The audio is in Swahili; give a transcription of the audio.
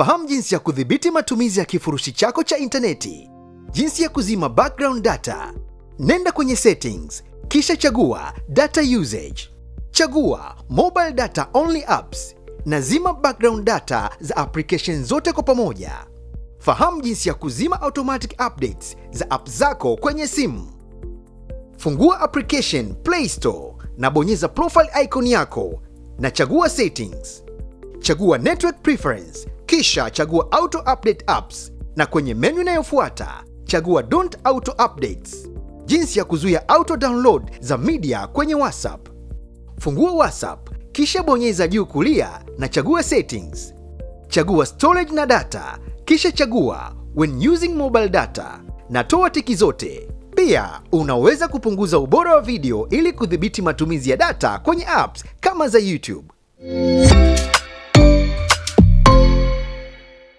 Fahamu jinsi ya kudhibiti matumizi ya kifurushi chako cha intaneti, jinsi ya kuzima background data. Nenda kwenye settings, kisha chagua data usage, chagua mobile data only apps na zima background data za application zote kwa pamoja. Fahamu jinsi ya kuzima automatic updates za app zako kwenye simu. Fungua application Play Store na bonyeza profile icon yako na chagua settings, chagua network preference kisha chagua auto update apps na kwenye menu inayofuata chagua don't auto updates. Jinsi ya kuzuia auto download za media kwenye WhatsApp. Fungua WhatsApp kisha bonyeza juu kulia na chagua settings. Chagua storage na data, kisha chagua when using mobile data na toa tiki zote. Pia unaweza kupunguza ubora wa video ili kudhibiti matumizi ya data kwenye apps kama za YouTube.